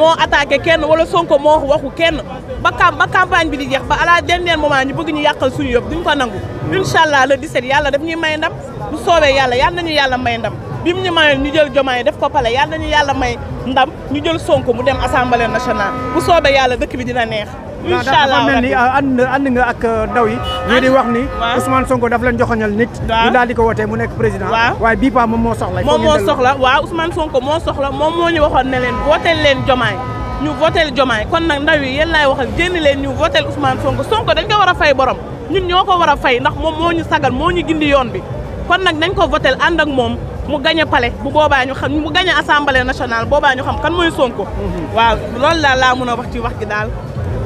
moo attaqué kenn wala Sonko moo waxu kenn ba cam ba campagne bi di jeex ba à la dernier moment ñu bëgg ñu yàqal suñu yëpp duñ ko nangu incha allah le 17 yàlla def ñuy may ndam bu soobee yàlla yal nañu yàlla may ndam bi mu ñu mayoon ñu jël jomaay def ko pale yal nañu yàlla may ndam ñu jël Sonko mu dem assemblée nationale bu soobee yàlla dëkk bi dina neex incha allah dafa ni ah, euh, wax ni. waaw Ousmane Sonko daf leen joxoñal nit. waaw ñu daal di ko wootee mu nekk président. waaw waaye bii paa moom moo soxla. moom moo soxla waaw Ousmane Sonko moo soxla moom moo ñu waxoon ne leen wooteel leen jomaay. ñu votel Jomaay kon nag ndaw yi yéen laay waxal génn leen ñu votel Ousmane Sonko Sonko dañ ko war a fay borom ñun ñoo ko war a fay ndax moom moo ñu sagal moo ñu gindi yoon bi kon nag dañ ko votel ànd ak moom mu gañ a pale bu boobaa ñu xam mu gañ a assemblée nationale boobaa ñu xam kan mooy Sonko. Mm-hmm. waaw loolu daal laa mën a wax ci wax gi daal.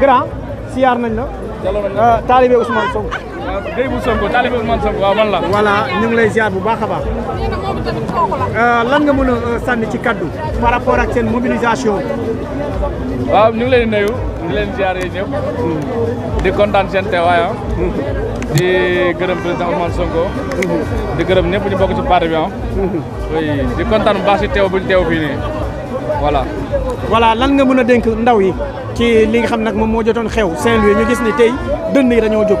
grand siyaar nañ na euh, taalibe Ousmane Sonko. waaw Gueye bu Sonko taalibe Ousmane Sonko waaw man la. voilà ñu ngi lay ziar bu baax a baax. Euh, lan nga mën a euh, sànni ci kaddu. par rapport ak seen mobilisation. waaw ñu ngi leen di nuyu ñu yi ñëpp. di kontaan seen teewaay ah. di gërëm président Ousmane Sonko. di gërëm ñëpp ñu bokk ci parti bi ah. di kontaan bu si teew bu ñu teew fii nii voilà. voilà lan nga mën a dénk ndaw yi. ci li nga xam nak mom mo jotone xew Saint Louis ñu gis ni tay deun yi dañu jóg.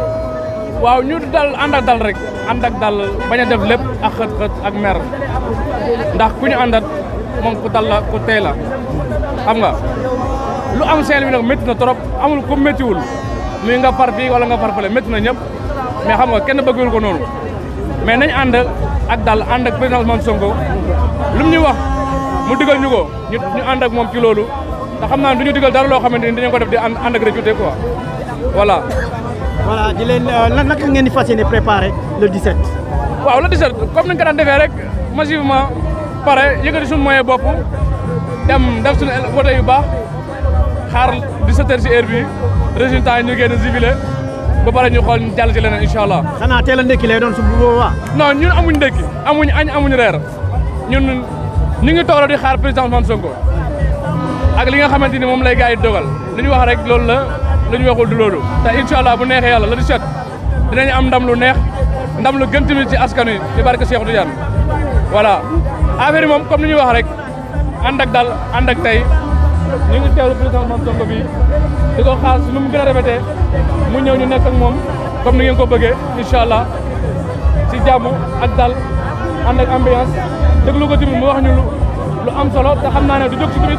waaw ñu dal andak dal rek andak dal baña def lepp ak xet xet ak mer ndax ku ñu andat moom ku dal la ku tay la xam nga lu am Saint Louis nak metti na trop amul ku metti wul muy nga par bi wala nga far fële metti na ñep mais xam nga kenn bëggul ko nonu mais nañ and ak dal and ak président Ousmane songo lu ñu wax mu diggal ñu ñu and ak mom ci lolu ndax xamna duñu diggal dara lo xamanteni dañ ko def di and ak recruté quoi voilà. voilà di len lan euh, nak ngeen di fas préparer le 17. waaw le 17 comme ni nga ko daan defee rek massivement paré yëgëti sun moyen bop dem def sun wote yu baax xaar 17h ci heure bi résultat ñu génn zibilé ba paré ñu xool jall ci lénen inshallah xana xanaa teel a lay doon su bu boobaa. non ñun amuñ ndekki amuñ añ amuñ rër ñun ñi ngi toro di xaar président Mansonko ak li nga xamanteni mom lay gars dogal lu wax rek loolu la lu waxul du loolu ta inshallah bu neexee yalla la di set dinañ am ndam lu neex ndam lu gën ci askanu ci barke Cheikh Tidiane voilà affaire mom comme ni wax rek ànd ak dal andak ak tey ñu ngi teewlu président mom tonko bi diko xaar nu mu gëna a répété mu ñëw ñu nekk ak mom comme ni ngeen ko bëggé inshallah ci jàmm ak dal ànd ak ambiance déglu ko tamit mu wax ñu lu am solo te xamna naa ne du jox ci timit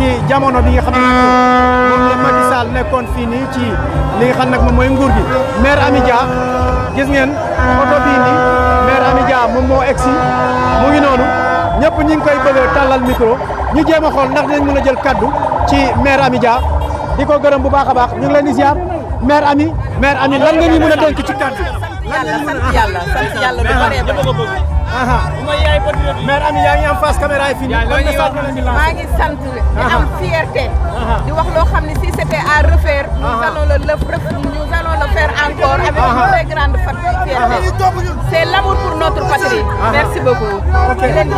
ci jamono bi nga xam ne moom ne Macky Sall nekkoon fii nii ci li nga xam nag moom mooy nguur gi maire Amy Dia gis ngeen oto bii nii maire Amy Dia moom moo egg si mu ngi noonu ñëpp ñi ngi koy bëggee tàllal micro ñu jéem a xool ndax dinañ mën jël kaddu ci maire Amy Dia di ko gërëm bu baax a baax ñu ngi leen di ziar maire Amy maire Amy nga ñu mën a dénk ci kaddu. mère face caméra c'était à refaire. nous allons le nous allons le faire encore avec une très grande fierté. c'est l'amour pour notre patrie. merci beaucoup. Merci Merci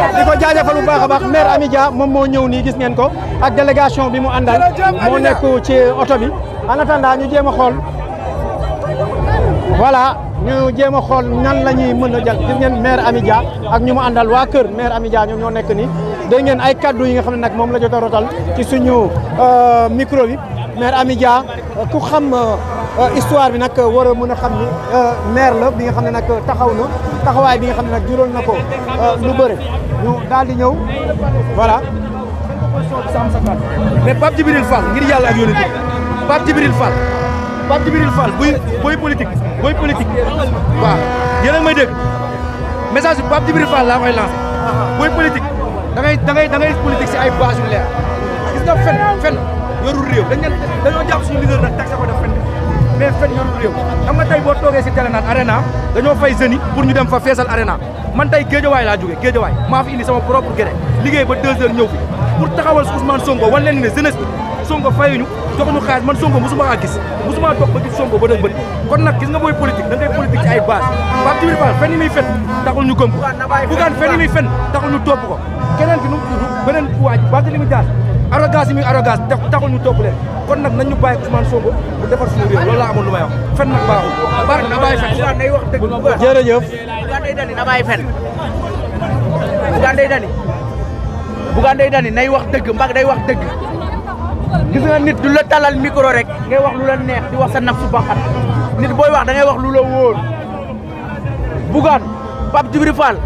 mère Merci mon mo ñew gis ngeen ko ak délégation bi mu en attendant ñu voilà. ñu jéem a xool nan la ñuy mën a jàll gis ngeen maire Amy Dia ak ñu mu àndal waa kër maire Amy Dia ñoom ñoo nekk nii dégg ngeen ay kaddu yi nga xam ne nag moom la jot a rotal ci suñu euh, micro bi maire Amy Dia euh, ku xam euh, histoire bi nag war a mën a xam ni maire la bi nga xam ne nag taxaw na taxawaay bi nga xam ne nag juróon na ko lu bëre ñu daal di ñëw voilà mais Pape Djibril Fall ngir yàlla ak yónni Pape Djibril Fall Pape Djibril Fall buy booy politique buy politique waaw yéen a ngi may dégg bi Pape Djibril Fall laa koy lancé buy politique da ngay da ngay da ngay politique si ay base yu leer gis nga fen fen yorul réew dañ leen dañoo jàpp suñu leader nag taxe ko def fen mais fen yorul réew xam nga boo toogee si télé naan arena dañoo fay jeunes yi pour ñu dem fa feesal arena man tey géejawaay laa jógee géejawaay maa fi indi sama propre gré liggéey ba deux heures ñëw fi pour taxawal Ousmane Sonko wan leen ne jeunesse jox ñu xaalis man Sonko mosuma kaa gis mosuma dox ba gis Sonko ba dëgg bët kon nag gis nga booy politique da ngay politique ay base Pape Djibril Fall fenn yi fen taxul ñu gëm ko Bougane fenn yi muy fen taxul ñu topp ko keneen ki nu beneen waaj bante li muy daal arrogance yi muy arrogance taxul ñu topp leen kon nag nañ ñu bàyyi Ousmane Sonko bu defar suñu réew loolu laa amoon lu may wax fen nag baaxul baax na bàyyi fen jërëjëf Bougane day dani na bàyyi fen Bougane day dani Bougane day dani nay wax dëgg mbag day wax dëgg gis nga nit du la talal micro rek ngay wax lu la neex di wax sa naf su baxat nit booy wax da wax lu la wóor Bougane Pape Djibril Fall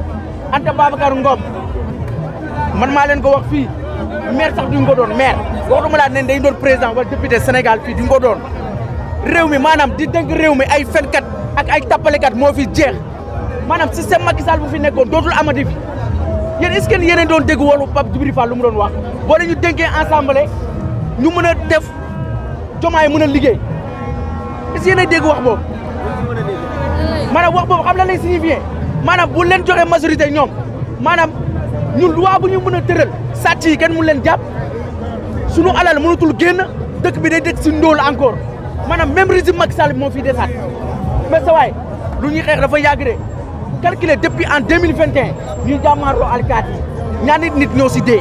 Anta Babacar Ngom man maa leen ko wax fii maire sax duñ ko doon maire waxuma laa ne dañ doon président wala député Sénégal fii duñ doon réew mi maanaam di dënk réew mi ay fenkat ak ay tappalekat moo fi jeex maanaam système Macky Sall bu fi nekkoon dootul amati fi yen est-ce que yéen doon dégg wolu Pape Djibril Fall lu mu doon wax boo la ñu dénkee ensemble ñu mën a def yi mën a liggéey est-ce que yéen a dégg wax boobu maanaam wax boobu xam la lay signifier maanaam bu leen joxee majorité ñoom maanaam ñun loi bu ñu mën a tëral sàcc yi kenn mu leen jàpp sunu alal mënatul génn dëkk bi day dëkk si ndóol encore maanaam même régime Macky Sall bi moo fi desaat mais sa waay lu ñuy xeex dafa yàgg de calculé depuis en 2021 ñuy jàmmaarloo alkaati ñaari nit ñoo si dee